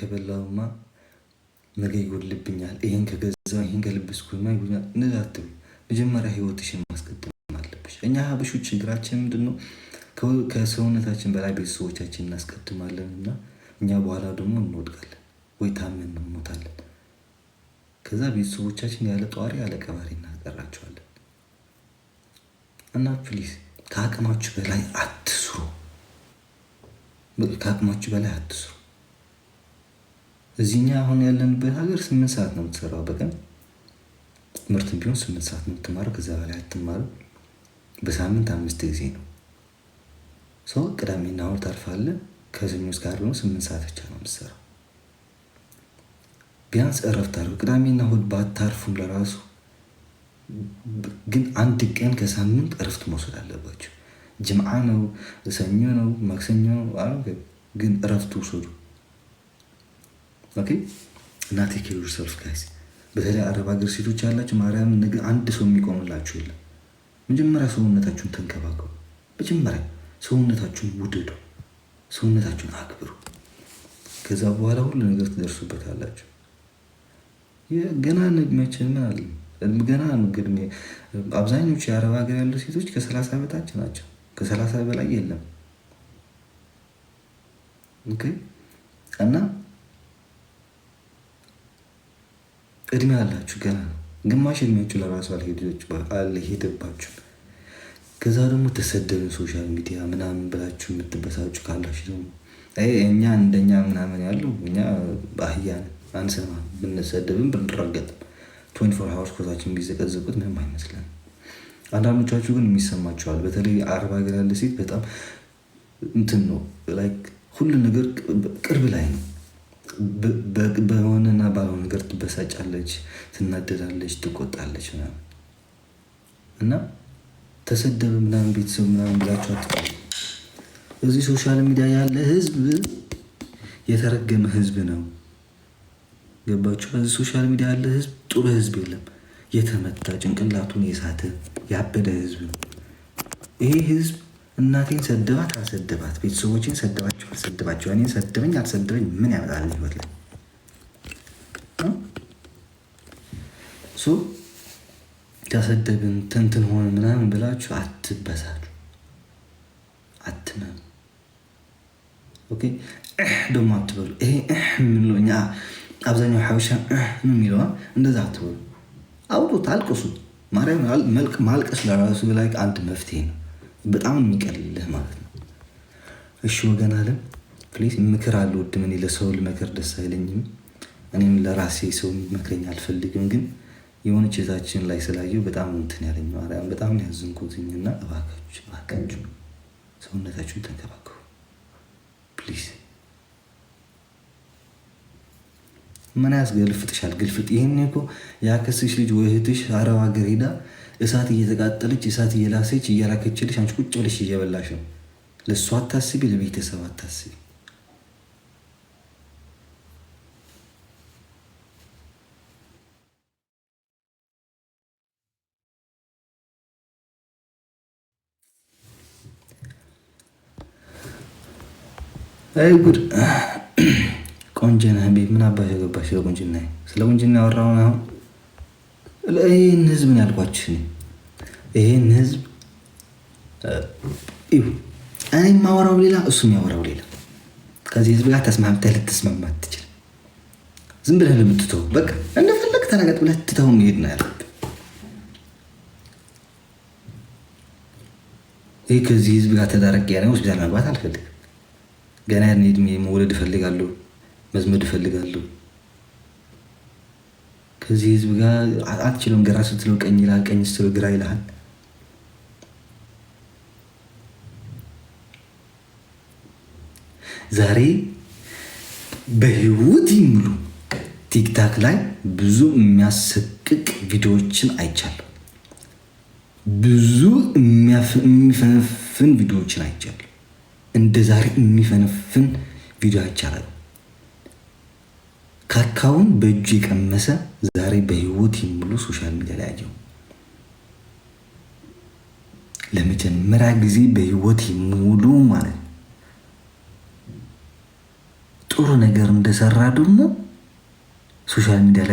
ከበላሁማ ነገ ይጎድልብኛል፣ ይሄን ከገዛ ይሄን ከለበስኩማ ይጎድልኛል ንላትም መጀመሪያ ህይወትሽን ማስቀደም አለብሽ። እኛ ሀበሾች ችግራችን ምንድን ነው? ከሰውነታችን በላይ ቤተሰቦቻችን እናስቀድማለን እና እኛ በኋላ ደግሞ እንወድቃለን ወይ ታመን እንሞታለን። ከዛ ቤተሰቦቻችን ያለ ጠዋሪ ያለ ቀባሪ እናቀራቸዋለን። እና ፕሊዝ ከአቅማችሁ በላይ አትስሩ። ከአቅማችሁ በላይ አትስሩ። እዚህኛ አሁን ያለንበት ሀገር ስምንት ሰዓት ነው የምትሰራው በቀን ትምህርትም ቢሆን ስምንት ሰዓት ነው የምትማረው። ከዛ በላይ አትማርም። በሳምንት አምስት ጊዜ ነው ሰው ቅዳሜና እሑድ ታርፋለህ። ከሰኞ ውስጥ ዓርብ ነው ስምንት ሰዓት ብቻ ነው የምትሰራው። ቢያንስ እረፍት አድርገው። ቅዳሜና እሑድ ባታርፉም ለራሱ ግን አንድ ቀን ከሳምንት እረፍት መውሰድ አለባቸው። ጅምዓ ነው፣ ሰኞ ነው፣ ማክሰኞ ነው፣ ግን እረፍት ውሰዱ። ኦኬ እና ቴክ ኬር ጋይስ። በተለይ አረብ ሀገር ሴቶች ያላቸው ማርያም ነገ አንድ ሰው የሚቆምላችሁ የለም። መጀመሪያ ሰውነታችሁን ተንከባከቡ። መጀመሪያ ሰውነታችሁን ውደዱ፣ ሰውነታችሁን አክብሩ። ከዛ በኋላ ሁሉ ነገር ትደርሱበታላችሁ። ገና መቼም ምን አለ ገና ግድሜ አብዛኞቹ የአረብ ሀገር ያሉ ሴቶች ከሰላሳ በታች ናቸው። ከሰላሳ በላይ የለም እና እድሜ አላችሁ ገና ነው። ግማሽ እድሜያችሁ ለራሱ አልሄደባችሁ። ከዛ ደግሞ ተሰደብን ሶሻል ሚዲያ ምናምን ብላችሁ የምትበሳጩ ካላችሁ ደግሞ እኛ እንደኛ ምናምን ያለው እኛ አህያን አንሰማ ብንሰደብም ብንረገጥም ቶኒ ፎር ኮታችን ቢዘቀዝቁት ምንም አይመስለን። አንዳንዶቻችሁ ግን የሚሰማችኋል። በተለይ አረብ ሀገር ያለ ሴት በጣም እንትን ነው ሁሉ ነገር ቅርብ ላይ ነው በሆነና ባልሆነ ትበሳጫለች፣ ትናደዳለች፣ ትቆጣለች ምናምን እና ተሰደበ ምናምን ቤተሰብ ምናምን ብላችሁ አትባሉ። እዚህ ሶሻል ሚዲያ ያለ ህዝብ የተረገመ ህዝብ ነው። ገባችሁ? እዚህ ሶሻል ሚዲያ ያለ ህዝብ ጥሩ ህዝብ የለም። የተመታ ጭንቅላቱን የሳተ ያበደ ህዝብ ነው። ይሄ ህዝብ እናቴን ሰደባት አልሰደባት፣ ቤተሰቦችን ሰደባቸው አልሰደባቸው፣ እኔን ሰደበኝ አልሰደበኝ ምን ያመጣል ህይወት ላይ? ተሰደብን ትንትን ሆነ ምናምን ብላችሁ አትበሳሉ፣ አትመም ኦኬ ደግሞ አትበሉ። ይሄ የምንለው እኛ አብዛኛው ሓበሻ ነው የሚለዋ፣ እንደዛ አትበሉ። አውጡት፣ አልቅሱ። ማርያም ማልቀስ ለራሱ ላይ አንድ መፍትሄ ነው፣ በጣም የሚቀልልህ ማለት ነው። እሺ ወገን አለም ፕሊዝ ምክር አለ ወድምን ለሰው ልመክር ደስ አይለኝም። እኔም ለራሴ ሰው መክረኝ አልፈልግም ግን የሆነ እህታችን ላይ ስላየው በጣም እንትን ያለኝ ማርያም በጣም ያዘንኩትኝና እባካችሁ እባካችሁ ሰውነታችሁን ተንከባከቡ ፕሊዝ። ምን ያስ ገልፍጥሻል? ግልፍጥ ይህን እኮ ያከስሽ ልጅ ወይ እህትሽ አረብ ሀገር ሄዳ እሳት እየተቃጠለች እሳት እየላሰች እያላከችልሽ አንቺ ቁጭ ብለሽ እየበላሽ ነው። ለእሷ አታስቢ፣ ለቤተሰብ አታስቢ። አይ ጉድ! ቆንጆ ነህ ቤት ምን አባሽ ገባሽ? ስለ ቁንጅና ስለ ቁንጅና ያወራውን አሁን ይህን ህዝብ ነው ያልኳችሁ። ይህን ህዝብ እኔ የማወራው ሌላ፣ እሱ የሚያወራው ሌላ። ከዚህ ህዝብ ጋር ተስማምተህ ልትስማማ ትችል። ዝም ብለህ ለምትተው በቃ እንደፈለግ ተረገጥ ብለህ ትተው መሄድ ነው ያለብህ። ይህ ከዚህ ህዝብ ጋር ተዳረቅ ያለ ሆስፒታል መግባት አልፈልግም። ገና ያን እድሜ መውለድ እፈልጋለሁ፣ መዝመድ እፈልጋለሁ። ከዚህ ህዝብ ጋር አትችሎም ግራ ስትለው ቀኝ ይልሃል፣ ቀኝ ስትለው ግራ ይልሃል። ዛሬ በህይወት ይምሉ ቲክታክ ላይ ብዙ የሚያሰቅቅ ቪዲዮዎችን አይቻለሁ። ብዙ የሚያፍንፍን ቪዲዮዎችን አይቻለሁ። እንደ ዛሬ የሚፈነፍን ቪዲዮ አይቻላል። ካካውን በእጁ የቀመሰ ዛሬ በህይወት ሙሉ ሶሻል ሚዲያ ላይ ያየው ለመጀመሪያ ጊዜ በህይወት የሙሉ ማለት ጥሩ ነገር እንደሰራ ደግሞ ሶሻል ሚዲያ